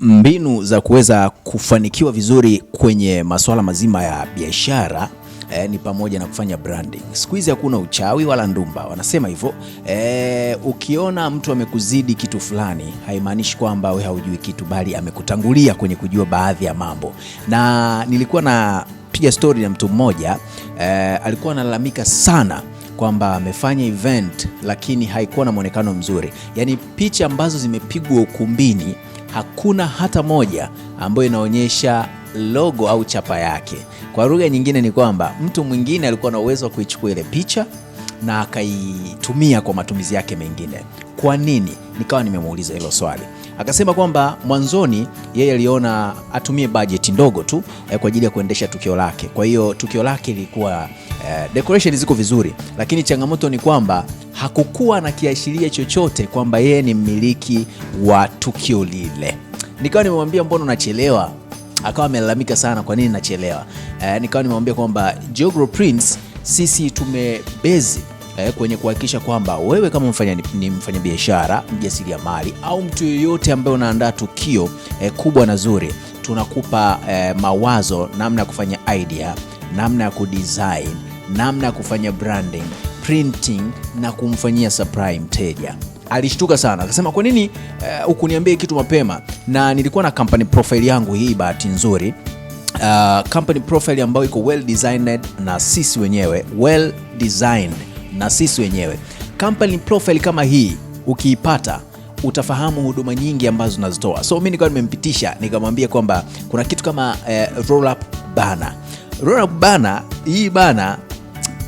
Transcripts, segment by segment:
mbinu za kuweza kufanikiwa vizuri kwenye masuala mazima ya biashara eh, ni pamoja na kufanya branding. Siku hizi hakuna uchawi wala ndumba, wanasema hivyo eh. Ukiona mtu amekuzidi kitu fulani, haimaanishi kwamba wewe haujui kitu, bali amekutangulia kwenye kujua baadhi ya mambo. Na nilikuwa napiga stori na mtu mmoja eh, alikuwa analalamika sana kwamba amefanya event lakini haikuwa na mwonekano mzuri, yaani picha ambazo zimepigwa ukumbini hakuna hata moja ambayo inaonyesha logo au chapa yake. Kwa lugha nyingine ni kwamba mtu mwingine alikuwa na uwezo wa kuichukua ile picha na akaitumia kwa matumizi yake mengine. Kwa nini? Nikawa nimemuuliza hilo swali. Akasema kwamba mwanzoni yeye aliona atumie bajeti ndogo tu eh, kwa ajili ya kuendesha tukio lake. Kwa hiyo tukio lake lilikuwa eh, decoration ziko vizuri, lakini changamoto ni kwamba hakukuwa na kiashiria chochote kwamba yeye ni mmiliki wa tukio lile. Nikawa nimemwambia mbona unachelewa? Akawa amelalamika sana, kwa nini nachelewa? Eh, nikawa nimemwambia kwamba Geogro Prince sisi tumebezi eh, kwenye kuhakikisha kwamba wewe kama mfanya, ni mfanyabiashara, mjasiriamali au mtu yoyote ambaye unaandaa tukio eh, kubwa na zuri, tunakupa eh, mawazo namna ya kufanya idea, namna ya kudesign, namna ya kufanya branding, printing na kumfanyia surprise mteja. Alishtuka sana akasema, kwa nini hukuniambia eh, uh, kitu mapema? Na nilikuwa na company profile yangu hii, bahati nzuri uh, company profile ambayo iko well designed na sisi wenyewe well designed na sisi wenyewe. Company profile kama hii ukiipata utafahamu huduma nyingi ambazo unazitoa. So mimi nikawa nimempitisha nikamwambia kwamba kuna kitu kama eh, roll up banner. Roll up banner, hii bana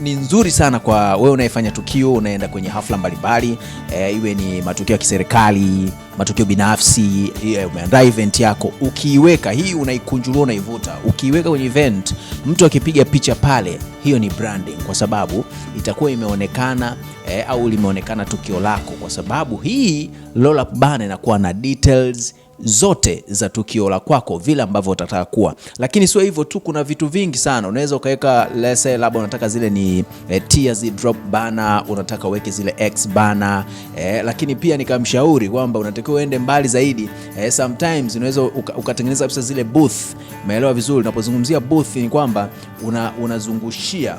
ni nzuri sana kwa wewe unayefanya tukio, unaenda kwenye hafla mbalimbali e, iwe ni matukio ya kiserikali, matukio binafsi, eh, umeandaa event yako. Ukiiweka hii, unaikunjulua, unaivuta. Ukiiweka kwenye event, mtu akipiga picha pale, hiyo ni branding, kwa sababu itakuwa imeonekana e, au limeonekana tukio lako, kwa sababu hii roll up banner inakuwa na details zote za tukio la kwako vile ambavyo utataka kuwa. Lakini sio hivyo tu, kuna vitu vingi sana unaweza ukaweka lese, labda unataka zile ni e, tears drop bana, unataka uweke zile X bana e, eh, lakini pia nikamshauri kwamba unatakiwa uende mbali zaidi e, sometimes unaweza uka, ukatengeneza kabisa zile booth. Umeelewa vizuri? Unapozungumzia booth ni kwamba una, unazungushia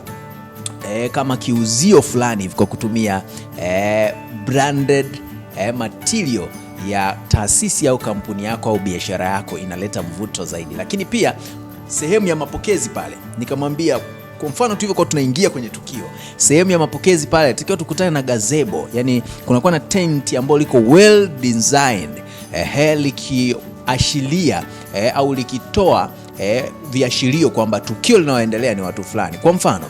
e, kama kiuzio fulani hivi kwa kutumia e, branded e, material ya taasisi au kampuni yako au biashara yako inaleta mvuto zaidi. Lakini pia sehemu ya mapokezi pale, nikamwambia kwa mfano tulivyokuwa tunaingia kwenye tukio, sehemu ya mapokezi pale tukiwa tukutane na gazebo, yani kunakuwa na tent ambayo liko well designed, eh, likiashiria eh, au likitoa eh, viashirio kwamba tukio linaloendelea ni watu fulani. Kwa mfano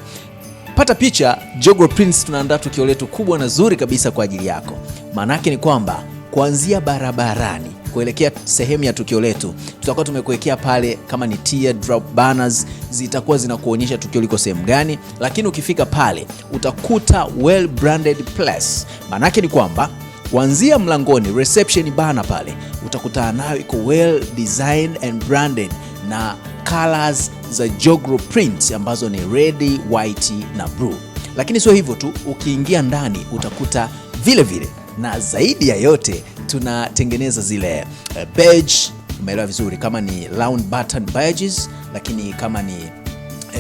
pata picha Jogo Prince, tunaandaa tukio letu kubwa na zuri kabisa kwa ajili yako. Maana yake ni kwamba kuanzia barabarani kuelekea sehemu ya tukio letu, tutakuwa tumekuwekea pale kama ni tear drop banners, zitakuwa zinakuonyesha tukio liko sehemu gani. Lakini ukifika pale utakuta well branded place, maanake ni kwamba kuanzia mlangoni reception bana pale utakutana nayo, iko well designed and branded na colors za Jogro print ambazo ni red, white na blue. Lakini sio hivyo tu, ukiingia ndani utakuta vile vile na zaidi ya yote tunatengeneza zile eh, badge, umeelewa vizuri, kama ni round button badges, lakini kama ni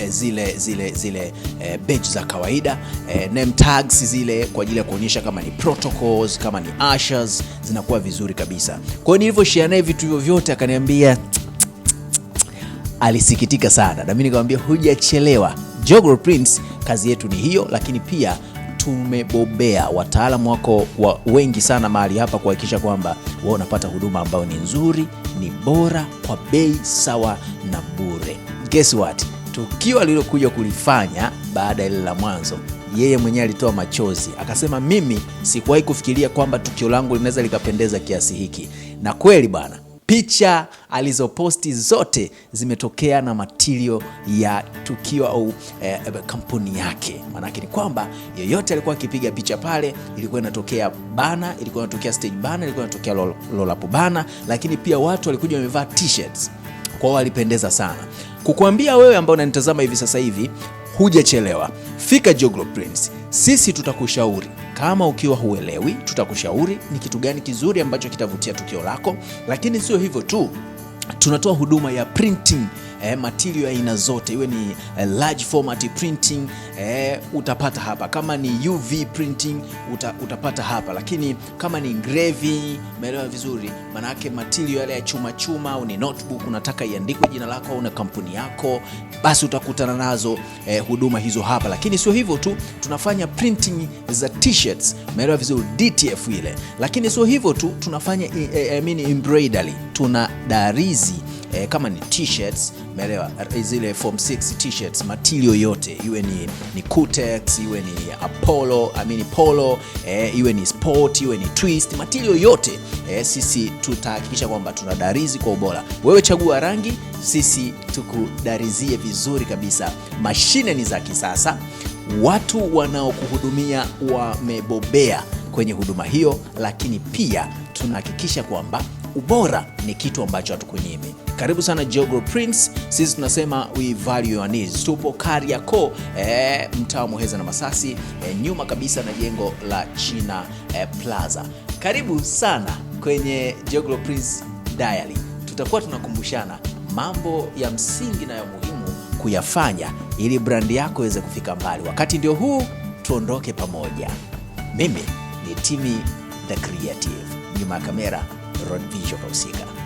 E, zile zile zile e, badge za kawaida e, name tags zile kwa ajili ya kuonyesha kama ni protocols kama ni ushers zinakuwa vizuri kabisa. Kwa hiyo share naye vitu hivyo vyote akaniambia alisikitika sana, na mimi nikamwambia hujachelewa. Joglo Prints kazi yetu ni hiyo, lakini pia tumebobea, wataalamu wako wa wengi sana mahali hapa kuhakikisha kwamba wao unapata huduma ambayo ni nzuri, ni bora, kwa bei sawa na bure. Guess what? Tukio alilokuja kulifanya baada ya ile la mwanzo yeye mwenyewe alitoa machozi akasema, mimi sikuwahi kufikiria kwamba tukio langu linaweza likapendeza kiasi hiki. Na kweli bwana picha alizoposti zote zimetokea na matirio ya tukio au eh, kampuni yake. Maanake ni kwamba yeyote alikuwa akipiga picha pale, ilikuwa inatokea bana, ilikuwa inatokea stage bana, ilikuwa inatokea lolapu bana, lakini pia watu walikuja wamevaa t-shirts kwao, walipendeza sana. Kukuambia wewe ambao unanitazama hivi sasa hivi, hujachelewa, fika Joglo Prints, sisi tutakushauri kama ukiwa huelewi, tutakushauri ni kitu gani kizuri ambacho kitavutia tukio lako, lakini sio hivyo tu, tunatoa huduma ya printing eh, material ya aina zote, iwe ni eh, large format printing eh, utapata hapa. Kama ni UV printing uta, utapata hapa, lakini kama ni engraving, umeelewa vizuri, maanake material yale ya chuma chuma, au ni notebook unataka iandikwe jina lako au na kampuni yako, basi utakutana nazo eh, huduma hizo hapa. Lakini sio hivyo tu, tunafanya printing za t-shirts, umeelewa vizuri, DTF ile. Lakini sio hivyo tu, tunafanya i, eh, i, eh, I mean embroidery, tuna darizi e, kama ni t-shirts, umeelewa, eh, zile form 6 t-shirts, matilio yote iwe ni, ni Kutex iwe ni Apollo, I mean Polo e, iwe ni Sport iwe ni Twist, matilio yote e, sisi tutahakikisha kwamba tunadarizi kwa ubora. Wewe chagua rangi, sisi tukudarizie vizuri kabisa. Mashine ni za kisasa, watu wanaokuhudumia wamebobea kwenye huduma hiyo, lakini pia tunahakikisha kwamba ubora ni kitu ambacho hatukunyimi. Karibu sana Joglo Prince, sisi tunasema we value your needs. Tupo Kariakoo, e, mtaa Muheza na Masasi, e, nyuma kabisa na jengo la China e, Plaza. Karibu sana kwenye Joglo Prince Diary, tutakuwa tunakumbushana mambo ya msingi na ya muhimu kuyafanya ili brandi yako iweze kufika mbali. Wakati ndio huu, tuondoke pamoja. Mimi ni Timi the Creative, nyuma ya kamera Rodrigo Consiga.